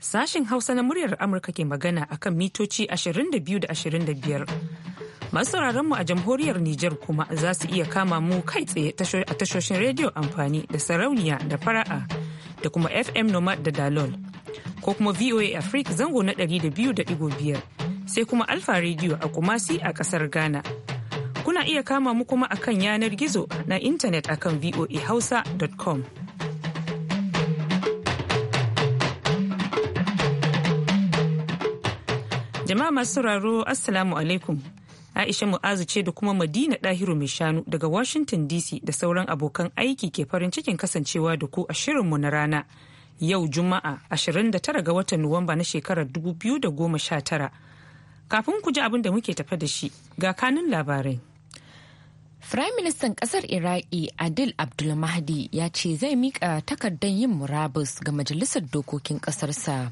Sashin Hausa na muryar Amurka ke magana a kan mitoci 22 da 25. Masu mu a jamhuriyar Nijar kuma za su iya kama mu kai tsaye a tashoshin rediyo amfani da sarauniya da fara'a da kuma FM Nomad da Dalol. Ko kuma VOA Africa zango na 200.5 sai kuma Alfa rediyo a Kumasi a kasar Ghana. Kuna iya kama mu kuma akan yanar gizo na intanet akan voahausa.com. Jama'a masu sauraro Assalamu alaikum. Aisha Mu'azu ce da kuma Madina Dahiru mai shanu daga Washington DC da sauran abokan aiki ke farin cikin kasancewa da ku a shirinmu na rana. Yau Juma'a 29 ga watan Nuwamba na shekarar 2019. Kafin ku ji abin da muke tafa da shi ga kanin labarai. Firayim Ministan Kasar Iraki Adil Abdulmahdi ya ce zai miƙa takardar yin murabus ga Majalisar Dokokin Ƙasarsa.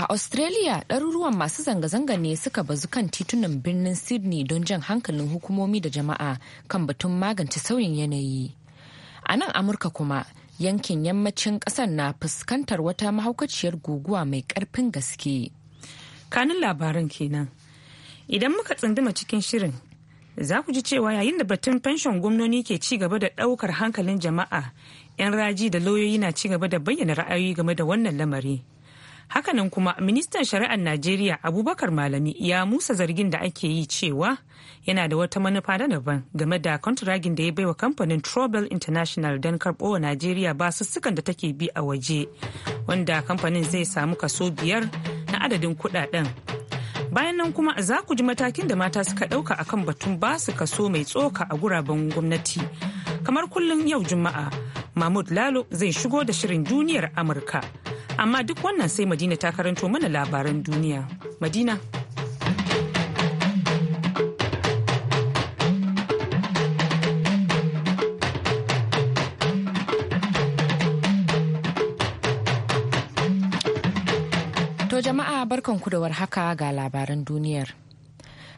A Australia, ɗaruruwan masu zanga-zanga ne suka bazu kan titunan birnin Sydney don jan hankalin hukumomi da jama'a kan batun magance sauyin yanayi. A nan Amurka kuma, yankin yammacin ƙasar na fuskantar wata mahaukaciyar guguwa mai ƙarfin gaske. Kanin labarin kenan. Idan muka tsunduma cikin shirin, za ku ji cewa yayin da batun fanshon gwamnoni ke ci gaba da ɗaukar hankalin jama'a, 'yan raji da lauyoyi na ci gaba da bayyana ra'ayoyi game da wannan lamari. hakanan kuma ministan shari'ar najeriya abubakar malami ya musa zargin da ake yi cewa yana da wata manufa da daban game da kontragin da ya baiwa kamfanin trouble international don karbowa wa najeriya basussukan da take bi a waje wanda kamfanin zai samu kaso biyar na adadin kudaden bayan nan kuma za ku ji matakin da mata suka ɗauka akan batun basu kaso mai tsoka a guraben gwamnati kamar kullum yau juma'a mahmud lalo zai shigo da shirin duniyar amurka Amma duk wannan sai Madina ta karanto mana labaran duniya. Madina. To jama'a barkan kudawar haka ga labaran duniyar.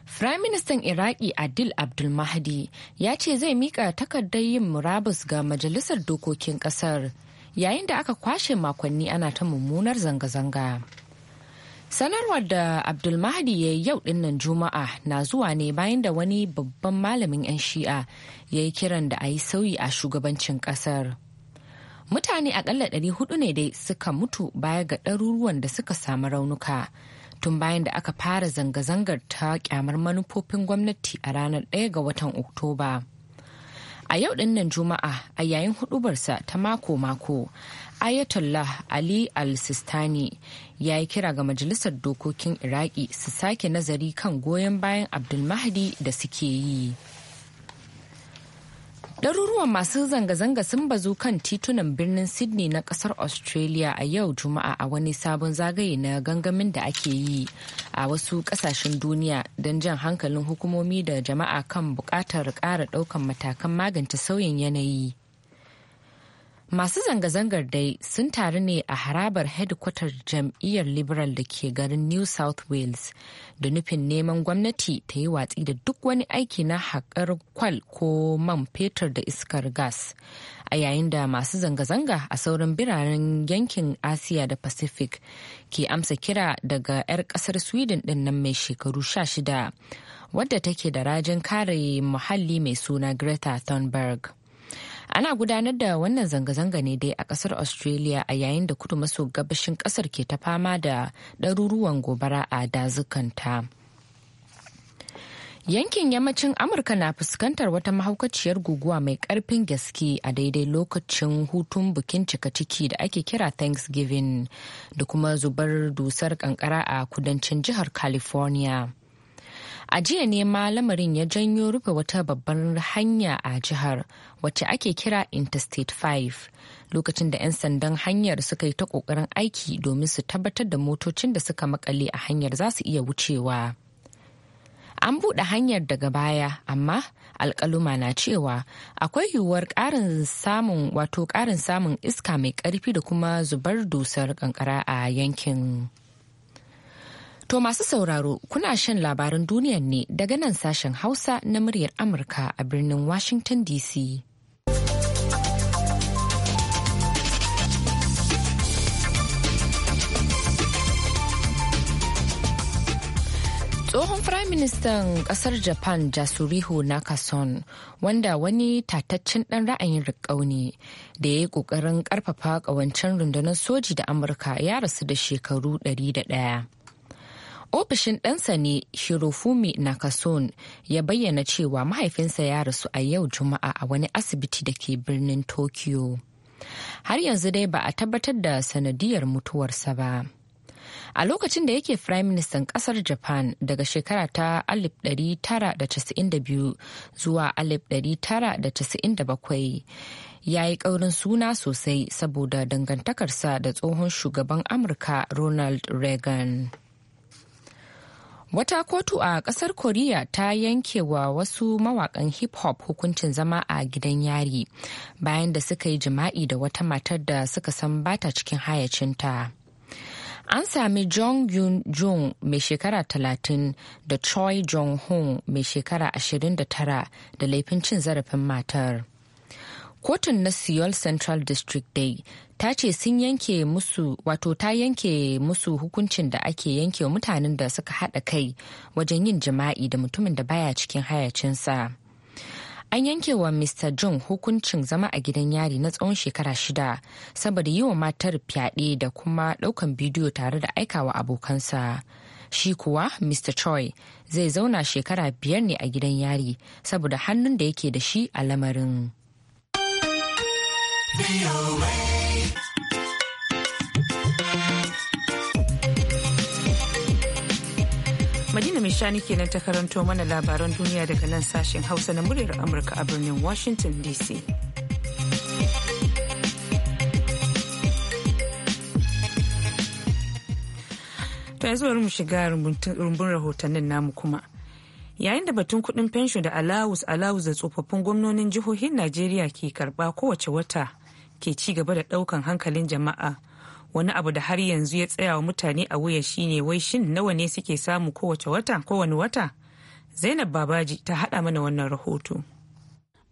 Firaministan Iraki Adil Abdul Mahdi ya ce zai mika takardar yin murabus ga Majalisar Dokokin Ƙasar. yayin da aka kwashe makonni ana ta mummunar zanga-zanga sanarwar da abdulmahdi ya yi yau dinnan juma'a na zuwa ne bayan da wani babban malamin 'yan shi'a ya yi kiran da a yi sauyi a shugabancin kasar mutane akalla hudu ne dai suka mutu baya ga ɗaruruwan da suka samu raunuka tun bayan da aka fara zanga-zangar ta kyamar manufofin gwamnati a ranar ɗaya ga watan oktoba. a yau dinnan juma'a a yayin hudubarsa ta mako-mako ayatollah ali al-sistani ya yi kira ga majalisar dokokin iraki su sake nazari kan goyon bayan abdulmahdi da suke yi. Ɗaruruwan masu zanga-zanga sun bazu kan titunan birnin Sydney na ƙasar Australia a yau Juma'a a wani sabon zagaye na gangamin da ake yi a wasu ƙasashen duniya don jan hankalin hukumomi da jama'a kan buƙatar ƙara ɗaukan matakan magance sauyin yanayi. Masu zanga-zangar dai sun taru ne a harabar hedikwatar jam'iyyar Liberal da ke garin New South Wales da nufin neman gwamnati ta yi watsi da duk wani aiki na haƙar kwal ko man fetur da iskar gas. A yayin da masu zanga-zanga a sauran biranen yankin Asiya da Pacific ke amsa kira daga 'yar ƙasar Sweden ɗin nan mai shekaru 16 wadda take da rajin kare muhalli mai suna Greta Thunberg. ana gudanar da wannan zanga-zanga ne dai a kasar australia a yayin da kudu maso gabashin kasar ke ta fama da ɗaruruwan gobara a dazukanta. Yankin yammacin Amurka na fuskantar wata mahaukaciyar guguwa mai karfin gaske a daidai lokacin hutun bikin cika ciki da ake kira Thanksgiving da kuma zubar dusar kankara a kudancin jihar California. A jiya ne ma lamarin ya janyo rufe wata babbar hanya a jihar wacce ake kira Interstate 5 lokacin da 'yan sandan hanyar suka yi ta kokarin aiki domin su tabbatar da motocin da suka makale a hanyar za su iya wucewa. An buɗe hanyar daga baya amma alkaluma na cewa akwai yiwuwar ƙarin samun wato ƙarin samun iska mai ƙarfi da kuma zubar dusar ƙanƙara a yankin. To masu sauraro kuna shan labaran duniyar ne daga nan sashen Hausa na muryar Amurka a birnin Washington DC. Tsohon Firaministan ƙasar Japan Jasuriho Nakason wanda wani tataccen ɗan ra'ayin riƙau ne da ya yi ƙoƙarin ƙarfafa ƙawancen rundunar soji da Amurka ya rasu da shekaru 101. ofishin ɗansa ne shirofumi nakason ya bayyana cewa mahaifinsa ya rasu a yau juma'a a wani asibiti da ke birnin tokyo har yanzu dai ba a tabbatar da sanadiyar mutuwarsa ba a lokacin da yake prime minister kasar japan daga shekara ta 1992 zuwa 1997 ya yi ƙaurin suna sosai saboda dangantakarsa da tsohon shugaban amurka ronald reagan Wata kotu a ƙasar Koriya ta yanke wa wasu mawakan hip hop hukuncin zama a gidan yari bayan da suka yi jima'i da wata matar da suka san bata cikin hayacinta. An sami Jong Yun Jung mai shekara 30 da Choi Jong Hong mai shekara 29 da laifin cin zarafin matar. Kotun na Seoul Central District Day ta ce sun yanke musu wato ta yanke musu hukuncin da ake yanke mutanen da suka haɗa kai wajen yin jima'i da mutumin da baya cikin hayacinsa. An yanke wa Mr. John hukuncin zama a gidan yari na tsawon shekara shida saboda yi wa matar fyaɗe da kuma ɗaukan bidiyo tare da aikawa abokansa. Shi kuwa Mr. Choi zai zauna shekara biyar ne a gidan yari saboda hannun da yake da shi a lamarin. Madina mishani shani kenan ta karanto mana labaran duniya daga nan sashen Hausa na muryar Amurka a birnin Washington DC. To yanzu bari mu shiga rumbun rahotannin namu kuma. Yayin da batun kudin fensho da alawus alawus da tsofaffin gwamnonin jihohin Najeriya ke karba kowace wata ke ci gaba da ɗaukan hankalin jama'a wani abu da har yanzu ya tsaya wa mutane a wuya shine wai shin nawa ne suke samu kowace wata kowane wata zainab babaji ta haɗa mana wannan rahoto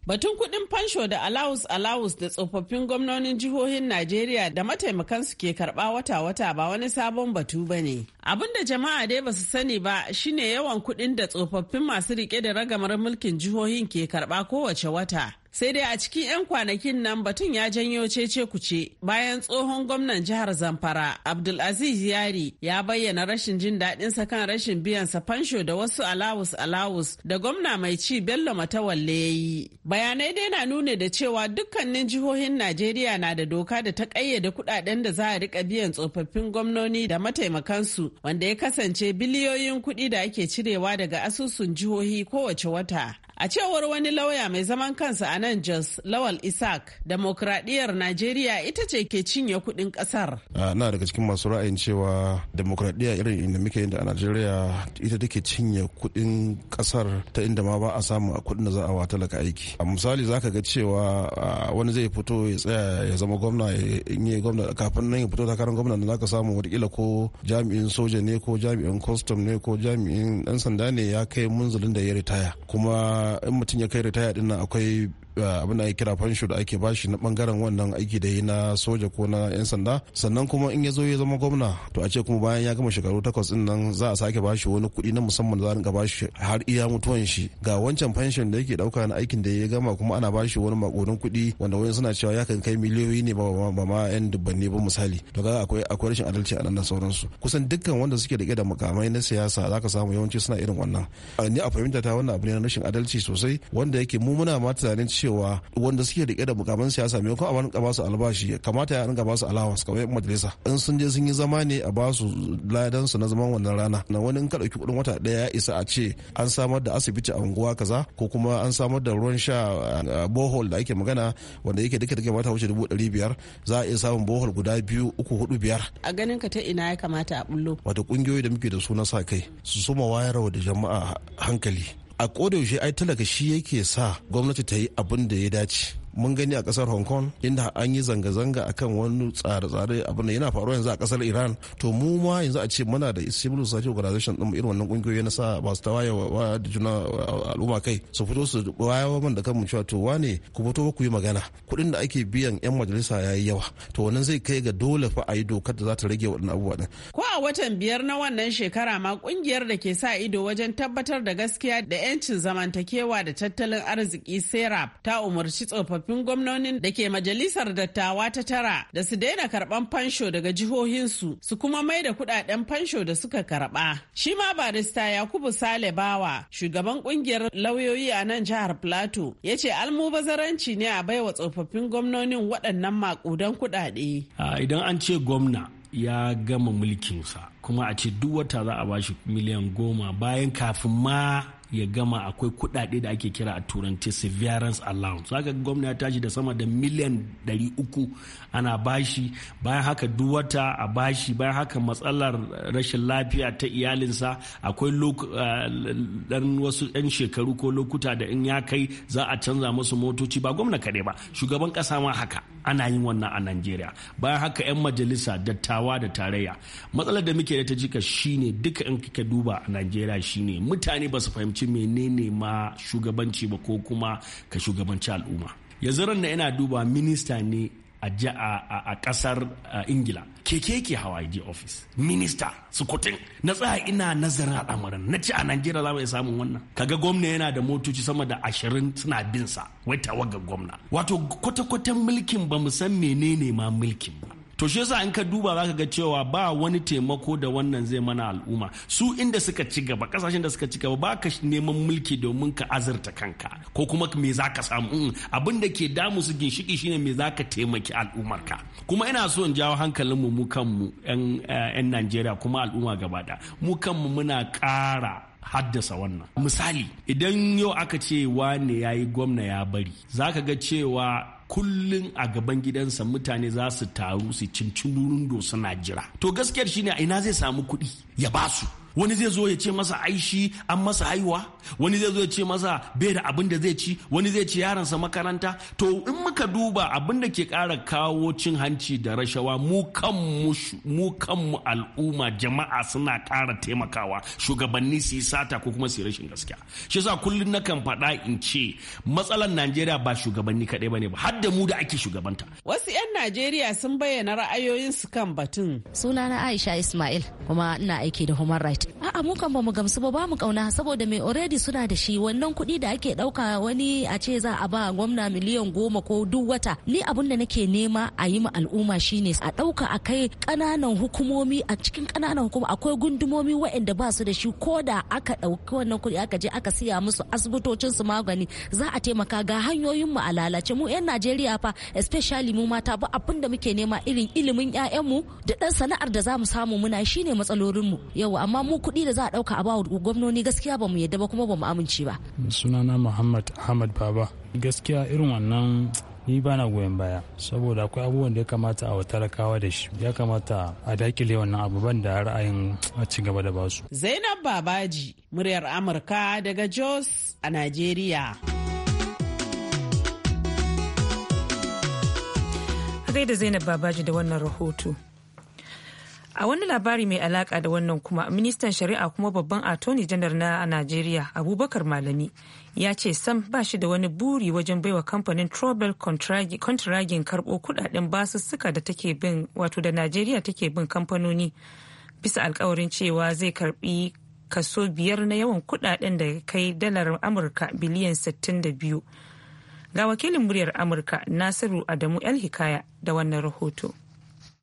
Batun kuɗin fansho da alawus alawus da tsofaffin gwamnonin jihohin Najeriya da mataimakansu ke karɓa wata-wata ba wani sabon batu ba ne. Abin da jama'a dai basu sani ba shine yawan kuɗin da tsofaffin masu rike da ragamar mulkin jihohin ke karɓa kowace wata. sai dai a cikin 'yan kwanakin nan batun ya janyo cece kuce bayan tsohon gwamnan jihar zamfara abdulaziz yari ya bayyana rashin jin daɗinsa kan rashin biyan sa fansho da wasu alawus alawus da gwamna mai ci bello matawalle ya yi bayanai dai na nuna da cewa dukkanin jihohin najeriya na da doka da ta ƙayyade kuɗaɗen da za a rika biyan tsofaffin gwamnoni da mataimakansu wanda ya kasance biliyoyin kuɗi da ake cirewa daga asusun jihohi kowace wata A cewar wani lauya mai zaman kansa a nan Jos Lawal Isaac, demokradiyyar Najeriya ita ce ke cinye kuɗin kasar. Na daga cikin masu ra'ayin cewa demokradiyya irin inda muke yin da a Najeriya ita take cinye kuɗin ƙasar ta inda ma ba a samu a kuɗin da za a wata laka aiki. A misali za ka ga cewa wani zai fito ya tsaya ya zama gwamna in yi gwamna kafin nan ya fito takarar gwamna da za ka samu watakila ko jami'in soja ne ko jami'in kwastam ne ko jami'in ɗan sanda ne ya kai munzulin da ya ritaya kuma in mutum ya kai ritaya din nan akwai Eh, abin da ake kira fansho da ake bashi na bangaren wannan aiki da yi na soja ko na yan sanda sannan kuma in ya zo ya zama gwamna to a ce kuma bayan ya gama shekaru takwas din nan za a sake bashi wani kuɗi na musamman za a bashi har iya mutuwan shi ga wancan fanshin da yake dauka na aikin da ya gama kuma ana bashi wani makonin kuɗi wanda wani suna cewa ya kan kai miliyoyi ne ba ma yan dubbanni ba misali to ga akwai akwai rashin adalci a nan da sauransu kusan dukkan wanda suke rike da mukamai na siyasa za ka samu yawanci suna irin wannan ni a fahimta ta wannan abu ne na rashin adalci sosai wanda yake mu muna ma tunanin cewa cewa wanda suke rike da mukamin siyasa maimakon a rinka basu albashi kamata ya rinka basu alawas kamar yan majalisa in sun je sun yi zama ne a basu ladan su na zaman wannan rana na wani in ka dauki kudin wata daya ya isa a ce an samar da asibiti a unguwa kaza ko kuma an samar da ruwan sha bohol da ake magana wanda yake duka duka mata wuce dubu dari biyar za a iya samun bohol guda biyu uku hudu biyar. a ganin ka ta ina ya kamata a bullo. wato kungiyoyi da muke da su na sa kai su suma wayarwa da jama'a hankali a kodayaushe ai talaka shi yake sa gwamnati ta yi abin da ya dace mun gani a kasar hong kong inda an yi zanga-zanga akan wani tsare-tsare abin yana faruwa yanzu a kasar iran to mu ma yanzu a ce muna da civil society organization din irin wannan kungiyoyi na sa ba su tawaye wa da juna al'umma kai su fito su wayawa man da kanmu cewa to wane ku fito ku yi magana kuɗin da ake biyan yan majalisa ya yi yawa to wannan zai kai ga dole fa a yi dokar da za ta rage waɗannan abubuwa din. ko a watan biyar na wannan shekara ma kungiyar da ke sa ido wajen tabbatar da gaskiya da 'yancin zamantakewa da tattalin arziki serap ta umarci tsofaffi tsofaffin gwamnonin da ke majalisar dattawa ta tara da su daina karban fansho daga jihohinsu su kuma mai da kudaden fansho da suka karba. Shi ma barista Yakubu Sale Bawa, shugaban kungiyar lauyoyi a nan jihar Plateau, ya ce almubazaranci ne a baiwa tsofaffin gwamnonin waɗannan maƙudan kudade. Idan an ce gwamna ya gama mulkinsa kuma a ce duk wata za a bashi miliyan goma bayan kafin ma ya gama akwai kuɗaɗe da ake kira a turanci severance allowance haka gwamna ya tashi da sama da miliyan 300 ana bashi bayan haka duwata a bashi bayan haka matsalar rashin lafiya ta iyalinsa akwai dan eh, wasu 'yan shekaru ko lokuta da in ya kai za a canza musu motoci ba gwamna kaɗai ba shugaban ƙasa ma haka ana yin wannan a najeriya bayan haka 'yan majalisa dattawa da tarayya matsalar da muke da ta jika shine duka in kika duba a najeriya shine mutane ba su fahimci fahimci menene ma shugabanci ba ko kuma ka shugabanci al'umma yanzu ran ina duba minista ne a kasar ingila keke ke hawa je office minista sukutin na tsaya ina nazarin al'amarin na ci a najeriya za mu iya samun wannan kaga gwamna yana da motoci sama da ashirin suna bin sa wai tawagar gwamna wato kwata kwatan mulkin ba mu san menene ma mulkin ba to shi yasa in ka duba zaka ga cewa ba wani taimako da wannan zai mana al'umma su inda suka ci gaba kasashen da suka ci gaba ba ka neman mulki domin ka azurta kanka ko kuma me zaka samu mm, abin da ke damu su ginshiki shine me zaka taimaki al'ummar ka kuma ina so in jawo hankalinmu mu kanmu 'yan eh, Najeriya kuma al'umma gaba mu kanmu muna ƙara haddasa wannan misali idan yau aka ce wane ya yi gwamna ya bari zaka ga cewa Kullum a gaban gidansa mutane za su taru su cincin suna jira to gaskiyar shine a ina zai samu kuɗi ya ba su wani zai zo ya ce masa aishi an masa haihuwa wani zai zo ya ce masa bai da abin da zai ci wani zai ce yaransa makaranta to in muka duba abin da ke kara kawo cin hanci da rashawa mu kanmu al'umma jama'a suna kara taimakawa shugabanni su yi sata ko kuma su rashin gaskiya shi yasa kullum na kan faɗa in ce matsalar najeriya ba shugabanni kaɗai bane ba har da mu da ake shugabanta wasu 'yan najeriya sun bayyana ra'ayoyinsu kan batun sunana aisha ismail kuma ina aiki da human budget a'a mu kan bamu gamsu ba bamu kauna saboda mai already suna da shi wannan kuɗi da ake ɗauka wani a ce za a ba gwamna miliyan goma ko duk wata ni abin da nake nema a yi ma al'umma shine a ɗauka a kai kananan hukumomi a cikin kananan hukuma akwai gundumomi waɗanda ba su da shi ko da aka ɗauki wannan kuɗi aka je aka siya musu asibitocin su magani za a taimaka ga hanyoyin mu a lalace mu 'yan Najeriya fa especially mu mata ba abin da muke nema irin ilimin 'ya'yanmu da ɗan sana'ar da zamu samu muna shine matsalolinmu yau amma mu kuɗi da za a ɗauka a ba gwamnoni gaskiya ba mu yadda ba kuma ba mu amince ba. sunana muhammad ahmad baba gaskiya irin wannan ni ba na goyon baya saboda akwai abubuwan da ya kamata a talakawa da shi ya kamata a dakile wannan abubuwan da ra'ayin a ci gaba da basu. zainab babaji muryar amurka daga jos a nigeria. da Zainab Babaji da wannan rahoto. A wani labari mai alaka da wannan kuma ministan shari'a kuma babban attorney janar na Najeriya Abubakar Malami ya ce sam ba shi da wani buri wajen baiwa kamfanin Trouble Contragin karbo kudaden basussuka da take bin wato da Najeriya take bin kamfanoni bisa alkawarin cewa zai karbi kaso biyar na yawan kudaden da kai dalar Amurka biliyan 62. Ga wakilin muryar Amurka Nasiru Adamu El Hikaya da wannan rahoto.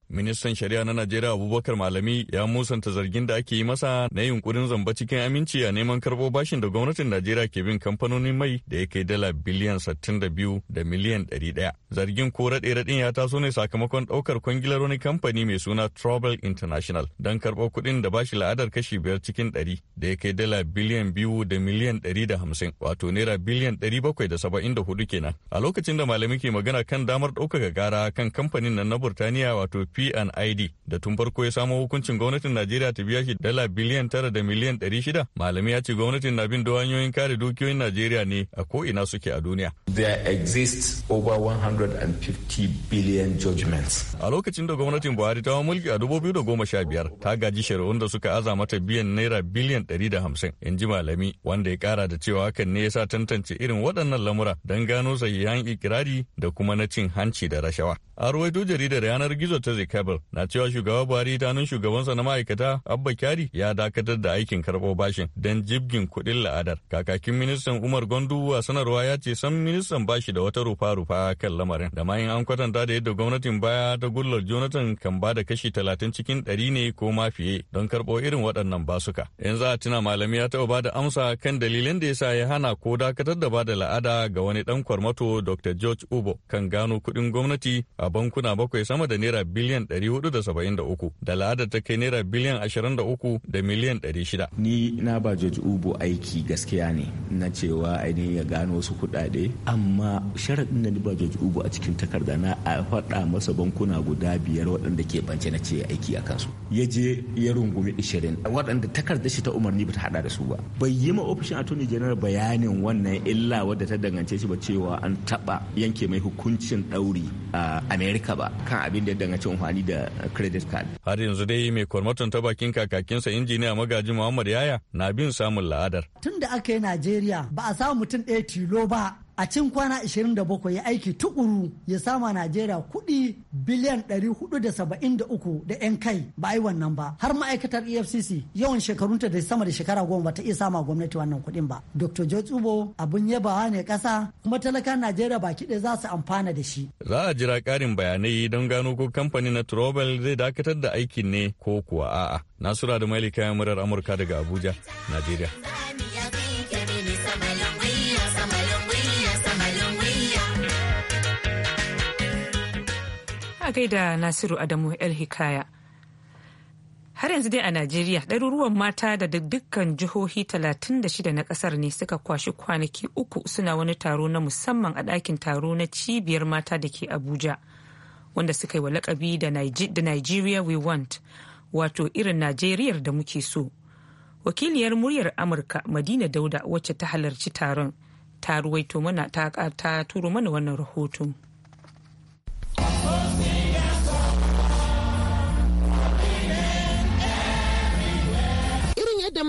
Ministan Shari'a na Najeriya Abubakar Malami ya musanta zargin da ake yi masa na yunkurin zamba cikin aminci a neman karbo bashin da gwamnatin Najeriya ke bin kamfanonin mai da ya kai dala biliyan 62 da biyu da miliyan 100. Zargin ko raɗe raɗin ya taso ne sakamakon ɗaukar kwangilar wani kamfani mai suna Travel International don karɓo kuɗin da bashi la'adar kashi biyar cikin ɗari da ya kai dala biliyan biyu da miliyan ɗari da hamsin wato naira biliyan ɗari bakwai da saba'in da hudu kenan. A lokacin da malami ke magana kan damar ɗaukaka gara kan kamfanin nan na Burtaniya wato PNID da tun farko ya samo hukuncin gwamnatin Najeriya ta biya shi dala biliyan tara da miliyan ɗari shida. Malami ya ce gwamnatin na bin da kare dukiyoyin Najeriya ne a ko ina suke a duniya. There exist over 150 billion judgments. A lokacin da gwamnatin Buhari ta mulki a 2015 ta gaji shari'un da suka aza mata biyan naira biliyan da ɗari hamsin in ji malami wanda ya kara da cewa hakan ne ya sa tantance irin waɗannan lamura don gano sahihan ikirari da kuma na cin hanci da rashawa. A ruwaito jaridar yanar gizo ta zai cable na cewa shugaba Buhari ta nan shugabansa na ma'aikata Abba Kyari ya dakatar da aikin karɓo bashin don jibgin kuɗin la'adar. Kakakin ministan Umar Gondu a sanarwa ya ce san ministan bashi da wata rufa-rufa kan lamarin. Da mayin an kwatanta da yadda gwamnatin baya ta gullar Jonathan kan ba da kashi talatin cikin ɗari ne ko ma fiye don karɓo irin waɗannan basuka. Yanzu a tuna malami ya taɓa ba da amsa kan dalilin da ya sa ya hana ko dakatar da ba da la'ada ga wani ɗan kwarmato Dr. George Ubo kan gano kuɗin gwamnati a bankuna bakwai sama da naira biliyan miliyan 473 da lada ta kai naira biliyan 23 da miliyan 600. Ni na ba George ubu aiki gaskiya ne na cewa ainihin ya gano wasu kuɗaɗe amma sharaɗin da ba George Ubo a cikin takarda na a faɗa masa bankuna guda biyar waɗanda ke bance na ce aiki a kansu. Ya je ya rungumi 20 waɗanda takarda shi ta umarni ba ta haɗa da su ba. Bai yi ma ofishin attorney general bayanin wannan illa wadda ta dangance shi ba cewa an taɓa yanke mai hukuncin ɗauri a Amerika ba kan abin da ya danganci amfani da credit card. Har yanzu dai mai kwarmaton ta bakin kakakinsa injiniya magaji Muhammad Yaya na bin samun la'adar. Tun da aka yi Najeriya ba a samu mutum ɗaya tilo ba a cin kwana 27 ya aiki tukuru ya sama Najeriya kuɗi biliyan 473 da 'yan kai ba yi wannan ba har ma'aikatar EFCC yawan shekarunta da sama da shekara goma ba ta iya sama gwamnati wannan kuɗin ba. Dr. George Ubo abin yabawa ne ƙasa kuma talakan Najeriya baki ɗaya za su amfana da shi. Za a jira ƙarin bayanai don gano ko kamfani na Trobel zai dakatar da aikin ne ko kuwa a'a. Nasura da Malika murar Amurka daga Abuja, Najeriya. a gaida nasiru adamu el hikaya har yanzu dai a najeriya ɗaruruwan mata da dukkan jihohi 36 na ƙasar ne suka kwashi kwanaki uku suna wani taro na musamman a ɗakin taro na cibiyar mata da ke abuja wanda suka yi wa lakabi da nigeria we want wato irin najeriyar da muke so wakiliyar muryar amurka madina dauda wacce ta halarci taron ta ruwaito mana ta turo mana wannan rahoton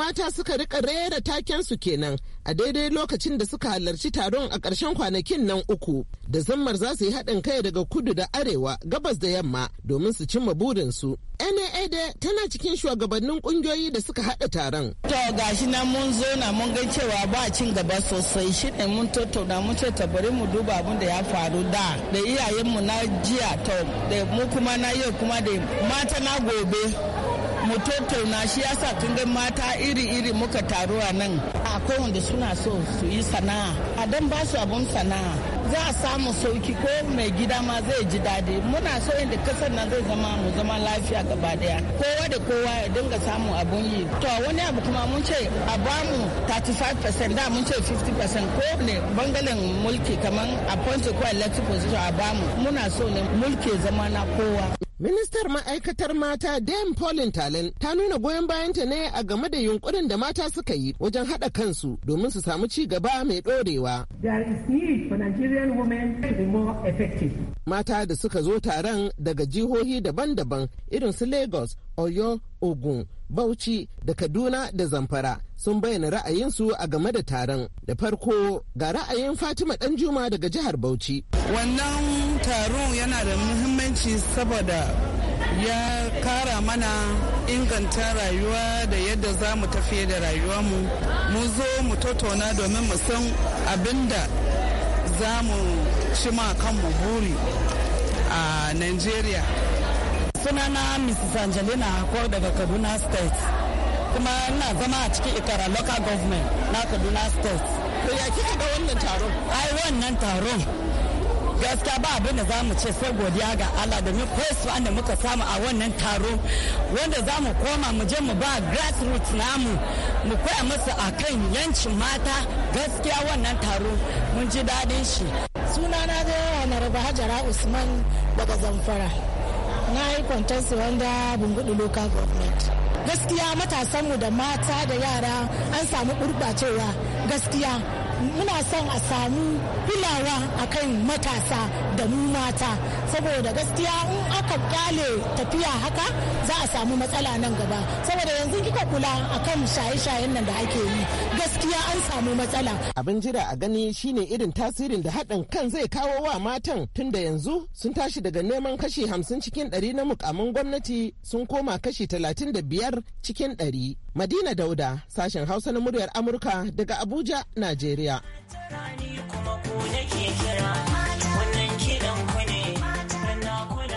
mata suka rika rera taken su kenan a daidai lokacin da suka halarci taron a ƙarshen kwanakin nan uku da zammar za su yi haɗin kai daga kudu da arewa gabas da yamma domin su cimma burinsu. NAA da tana cikin shugabannin kungiyoyi da suka haɗa taron. To gashi na mun zo na mun ga cewa ba cin gaba sosai shi ne mun tattauna mun ce bari mu duba abin da ya faru da da iyayenmu na jiya to da mu kuma na yau kuma da mata na gobe mu tattauna shi yasa kin ga mata iri-iri muka taru a nan a kowanne suna so su yi sana'a a dan ba su abun sana'a za a samu sauki ko mai gida ma zai ji daɗi muna so inda kasar nan zai zama mu zama lafiya gaba daya kowa da kowa ya dinga samu abun yi to wani abu kuma mun ce a bamu 35% da mun ce 50% ko ne bangaren mulki kamar point of electric position a bamu muna so ne mulki zama na kowa Ministar ma'aikatar mata Dame Pauline Talen ta nuna goyon bayanta ne a game da yunkurin da mata suka yi wajen haɗa kansu domin su samu ci gaba mai ɗorewa. Mata da suka zo taron daga jihohi daban-daban irin su Lagos, Oyo, Ogun, Bauchi da Kaduna da Zamfara sun bayyana ra'ayinsu a game da taron. Da farko ga ra'ayin Fatima Danjuma daga jihar Bauchi. Wannan taron yana da muhimmanci saboda ya kara mana inganta rayuwa da yadda za mu tafiye da rayuwa mu mu zo mu tattauna domin mu san abinda da za mu cima kanmu buri a Nigeria. sunana mrs angelina hakor daga kaduna state kuma ina zama a cikin ikara local government na kaduna state to ya kika ga wannan taron ai wannan taron gaskiya ba abin da za mu ce sai godiya ga Allah domin su da muka samu a wannan taro wanda za mu koma mu je mu ba grassroots namu mu koya musu kan yancin mata gaskiya wannan taro mun ji daɗin shi sunana da yawa na raba hajara usman daga zamfara na yi kwantarsu wanda bungudu local government gaskiya matasanmu da mata da yara an samu gurɓacewa gaskiya muna son a samu kulawa akan matasa da mu mata saboda gaskiya in aka kale tafiya haka za a samu matsala nan gaba saboda yanzu kika kula akan shaye-shayen nan da ake yi gaskiya an samu matsala abin jira a gani shine irin tasirin da haɗin kan zai kawo wa matan tunda yanzu sun tashi daga neman kashi hamsin cikin ɗari na mukamin gwamnati sun koma kashi talatin da biyar cikin ɗari Madina Dauda, sashen Hausa na muryar Amurka daga Abuja, Najeriya.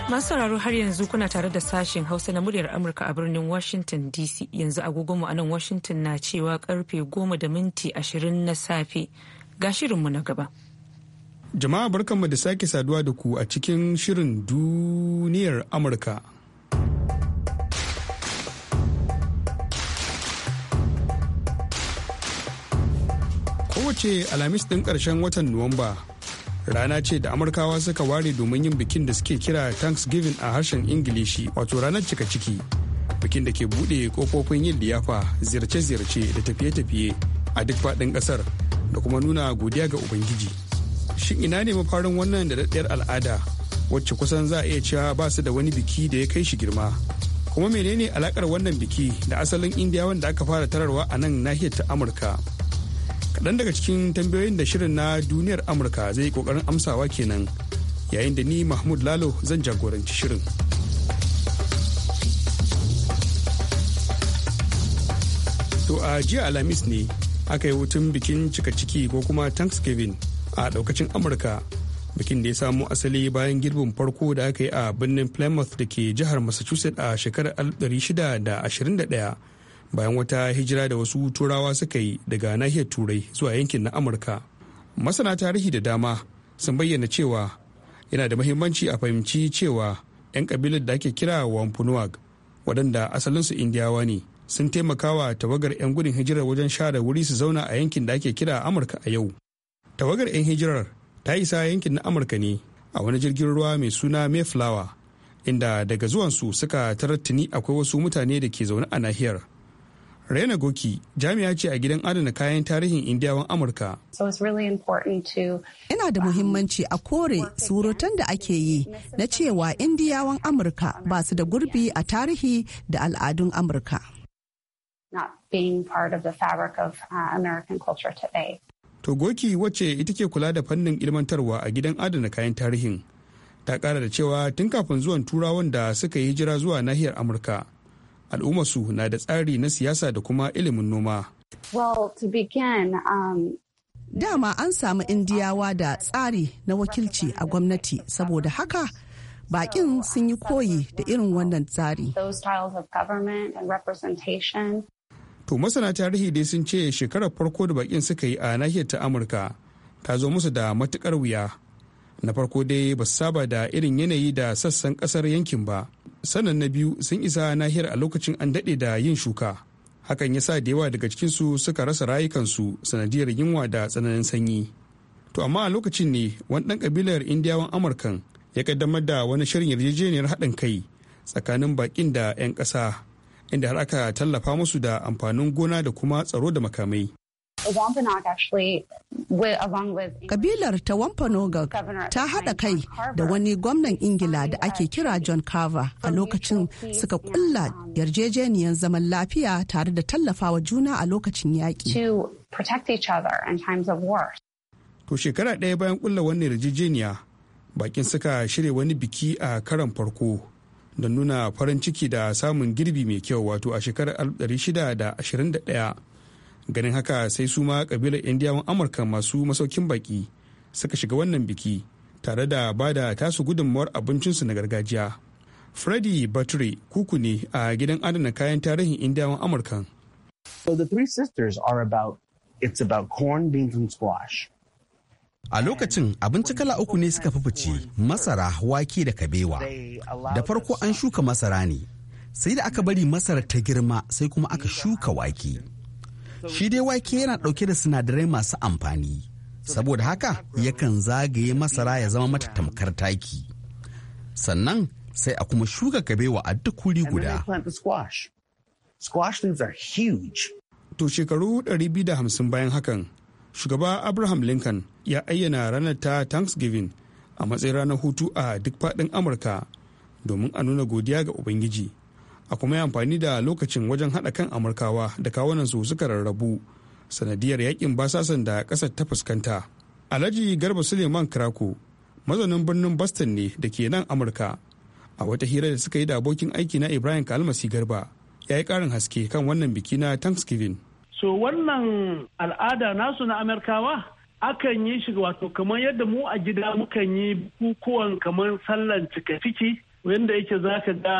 Masu sauraro har yanzu kuna tare da sashen Hausa na muryar Amurka a birnin Washington DC yanzu agogonmu a nan Washington na cewa karfe goma da minti ashirin na safe. Ga shirinmu na gaba. Jama'a barkanmu da sake saduwa da ku a cikin shirin duniyar Amurka. kowace alhamis ɗin karshen watan nuwamba rana ce da amurkawa suka ware domin yin bikin da suke kira thanksgiving a harshen ingilishi wato ranar cika ciki bikin da ke buɗe kofofin yin liyafa ziyarce-ziyarce da tafiye-tafiye a duk faɗin ƙasar da kuma nuna godiya ga ubangiji shin ina ne mafarin wannan da al'ada wacce kusan za a iya cewa ba su da wani biki da ya kai shi girma kuma menene alakar wannan biki da asalin indiyawan da aka fara tararwa a nan nahiyar ta amurka kaɗan daga cikin tambayoyin da shirin na duniyar amurka zai yi ƙoƙarin amsawa kenan yayin da ni mahmud lalo zan jagoranci shirin to a jiya alhamis ne aka yi hutun bikin cika ciki ko kuma thanksgiving a ɗaukacin amurka bikin da ya samo asali bayan girbin farko da aka yi a birnin plymouth da ke jihar massachusetts a shekarar bayan wata hijira da wasu turawa suka yi daga nahiyar turai zuwa yankin na amurka masana tarihi da dama sun bayyana cewa yana da mahimmanci a fahimci cewa 'yan kabilar da ake kira wampanoag waɗanda asalinsu indiyawa ne sun taimakawa tawagar 'yan gudun hijirar wajen share wuri su zauna a yankin da ake kira amurka a yau tawagar 'yan hijirar ta isa yankin na amurka ne a wani jirgin ruwa mai suna mayflower inda daga zuwansu suka tarattuni akwai wasu mutane da ke zaune a nahiyar Raina Goki jami'a ce a gidan adana kayan tarihin Indiyawan Amurka. Ina da muhimmanci a kore surutan da ake yi na cewa Indiyawan Amurka ba su da gurbi a tarihi da al'adun Amurka. Uh, to Goki wacce ita ke kula da fannin ilmantarwa a gidan adana kayan tarihin. Ta kara da cewa tun kafin zuwan turawan da suka yi hijira zuwa nahiyar Amurka. al'ummarsu na da tsari na siyasa da kuma ilimin noma. Well, to um, Dama an samu Indiyawa da tsari na wakilci a gwamnati saboda haka bakin sun yi koyi da irin wannan tsari. To masana tarihi dai sun ce shekarar farko da bakin suka yi a nahiyar ta Amurka ta zo musu da matukar wuya. Na farko dai ba saba da irin yanayi da sassan kasar yankin ba. sanan na biyu sun isa nahiyar a lokacin an daɗe da yin shuka hakan ya sa da yawa daga cikinsu suka rasa rayukansu sanadiyar yunwa da tsananin sanyi to amma a lokacin ne wani ɗan ƙabilar indiyawan amurkan ya kaddamar da wani shirin yarjejeniyar haɗin kai tsakanin baƙin da 'yan ƙasa inda har aka tallafa musu da amfanin gona da kuma tsaro da makamai Kabilar ta Wampanoag ta haɗa kai da wani gwamnan Ingila da ake kira John Carver a lokacin suka kulla yarjejeniyar zaman lafiya tare da tallafawa juna a lokacin yaƙi. To shekara ɗaya bayan kulla wannan yarjejeniya, bakin suka shirya wani biki a karan farko don nuna farin ciki da samun girbi mai kyau wato a shekarar 1621 ganin haka sai su ma kabilar indiyawan amurka masu masaukin baki suka shiga wannan biki tare da ba da tasu gudunmawar abincinsu na gargajiya freddy battery kuku ne a gidan adana kayan tarihin indiyawan amurka. so the sisters are about it's about A lokacin abinci kala uku ne suka fi masara, wake da kabewa. Da farko an shuka masara ne, sai da aka bari masara ta girma sai kuma aka shuka wake. Shi dai wake yana ɗauke da sinadarai masu amfani, saboda haka yakan zagaye masara ya zama mata tamkar taki. Sannan sai a kuma shuka kabewa a duk wuri guda. To shekaru 250 bayan hakan, shugaba Abraham Lincoln ya ayyana ranar ta Thanksgiving a matsayin ranar hutu a duk faɗin Amurka domin a nuna godiya ga Ubangiji a kuma yi amfani da lokacin wajen haɗa kan amurkawa da kawunan su suka rarrabu sanadiyar yakin basasan da ƙasar ta fuskanta alhaji garba suleiman krako mazanin birnin boston ne da ke nan amurka a wata hira da suka yi da abokin aiki na ibrahim kalmasi garba ya yi ƙarin haske kan wannan biki na thanksgiving so wannan al'ada nasu na amurkawa akan yi shi wato kamar yadda mu a gida mukan yi bukukuwan kamar sallan cika ciki wanda yake za ka ga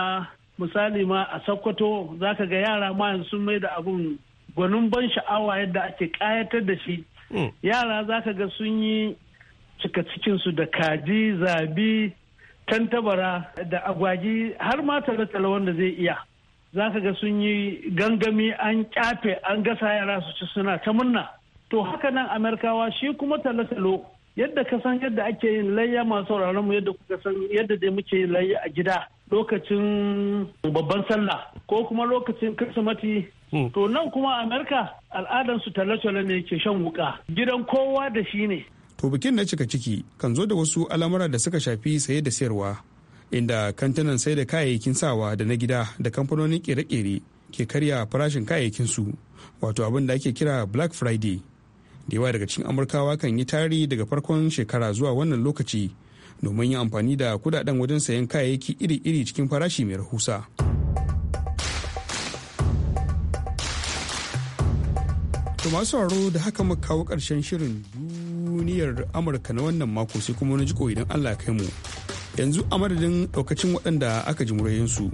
misali ma a Sokoto zaka ga yara ma sun mai da abun gwanin ban sha'awa yadda ake kayatar da shi. Hmm. Yara zaka ga sun yi cika cikinsu da kaji, zabi, tantabara da agwagi har ma tare wanda zai iya. Za ka ga sun yi gangami an kyafe an gasa yara su ci suna ta murna. To haka nan Amerikawa shi kuma talo yadda ka san yadda ake yin layya masu mu yadda kuka san yadda dai muke yin layya a gida. lokacin babban sallah ko kuma lokacin kirsimati hmm. to nan kuma amerika al'adansu tallace talle ne ke shan wuka gidan kowa da shi ne to bikin na cika ciki kan zo da wasu al'amura da suka shafi saye da sayarwa inda kantinan sai da kayayyakin sawa da na gida da kamfanonin kere-kere ke karya farashin kayayyakin su wato abin da ake kira black friday da yawa daga cikin amurkawa kan yi tari daga farkon shekara zuwa wannan lokaci domin yin amfani da kudaden wajen sayan kayayyaki iri-iri cikin farashi mai rahusa. To masu sauraro da haka muka kawo ƙarshen shirin duniyar Amurka na wannan mako sai kuma wani jiko idan Allah kai mu. Yanzu a madadin ɗaukacin waɗanda aka ji murayensu.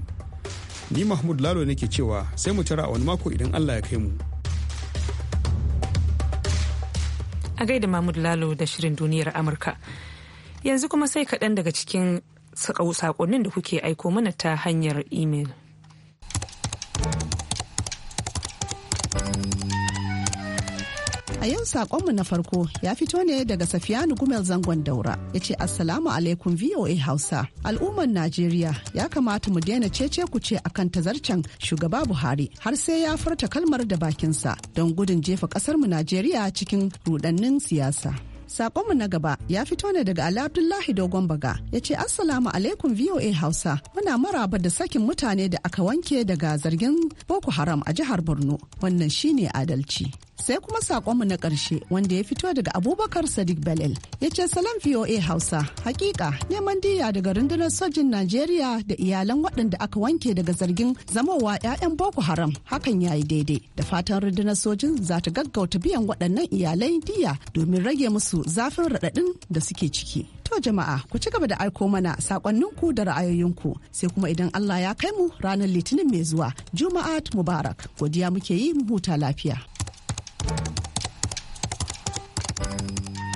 Ni Mahmud Lalo nake cewa sai mu tara a wani mako idan Allah ya kai mu. A gaida Mahmud Lalo da shirin duniyar Amurka. Yanzu kuma sai kaɗan daga cikin saƙonnin da kuke aiko mana ta hanyar imel. A yau saƙonmu na farko ya fito ne daga Safiyanu Gumel zangon daura ya ce Assalamu alaikum VOA Hausa. Al'ummar Najeriya ya kamata mu daina cece kuce akan tazarcen shugaba Buhari har sai ya furta kalmar da bakinsa don gudun jefa kasarmu Najeriya cikin rudannin siyasa. Sakonmu na gaba ya fito ne daga Ali Abdullahi Dogon Baga ya ce Assalamu alaikum VOA Hausa muna maraba da sakin mutane da aka wanke daga zargin Boko Haram a jihar Borno wannan shine adalci. sai kuma sakonmu na ƙarshe wanda ya fito daga abubakar sadiq belel ya ce salam voa hausa hakika neman diya daga rundunar sojin najeriya da iyalan waɗanda aka wanke daga zargin zamowa 'ya'yan boko haram hakan ya yi daidai da fatan rundunar sojin za ta gaggauta biyan waɗannan iyalai diya domin rage musu zafin raɗaɗin da suke ciki To jama'a ku ci gaba da aiko mana saƙonninku da ra'ayoyinku sai kuma idan Allah ya kai mu ranar litinin mai zuwa Juma'at Mubarak godiya muke yi mu huta lafiya.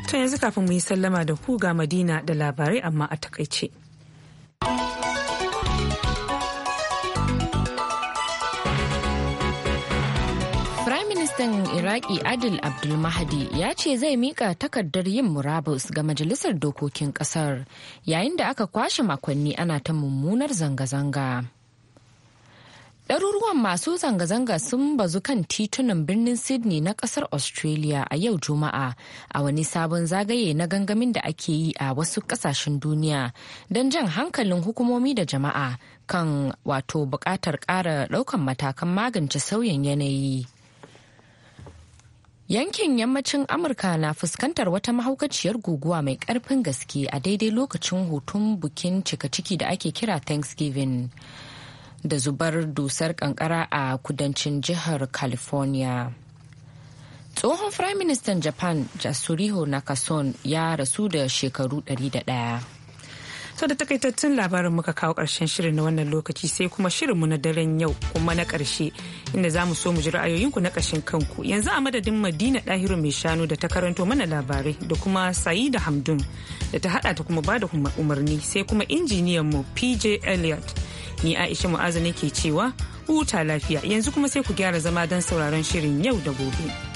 To yanzu kafin mu yi sallama da ku ga Madina da labarai amma a takaice. Ministan Iraki Adil Abdul Mahdi ya ce zai mika takardar yin murabus ga Majalisar Dokokin Kasar yayin da aka kwashe makonni ana ta mummunar zanga-zanga. Ɗaruruwan masu zanga-zanga sun bazu kan titunan birnin Sydney na ƙasar Australia a yau Juma'a a wani sabon zagaye na gangamin da ake yi a wasu ƙasashen duniya don jan hankalin hukumomi da jama'a kan wato buƙatar ƙara ɗaukan matakan magance sauyin yanayi. Yankin yammacin Amurka na fuskantar wata mahaukaciyar guguwa mai ƙarfin gaske a daidai lokacin hutun bukin cika ciki da ake kira Thanksgiving. da zubar dusar kankara a kudancin jihar california tsohon firaministan japan jasuriho nakason ya rasu da shekaru 101 sau da takaitattun labarin muka kawo karshen shirin na wannan lokaci sai kuma shirinmu na daren yau kuma na karshe inda za mu so mu ji ra'ayoyinku na kashin kanku yanzu a madadin madina ɗahiru mai shanu da ta karanto mana labarai da kuma sa'ida hamdun da ta hada ta kuma bada umarni sai kuma injiniyanmu pj elliott Ni Aisha Mu'azu ke cewa huta lafiya yanzu kuma sai ku gyara zama don sauraron shirin yau da gobe.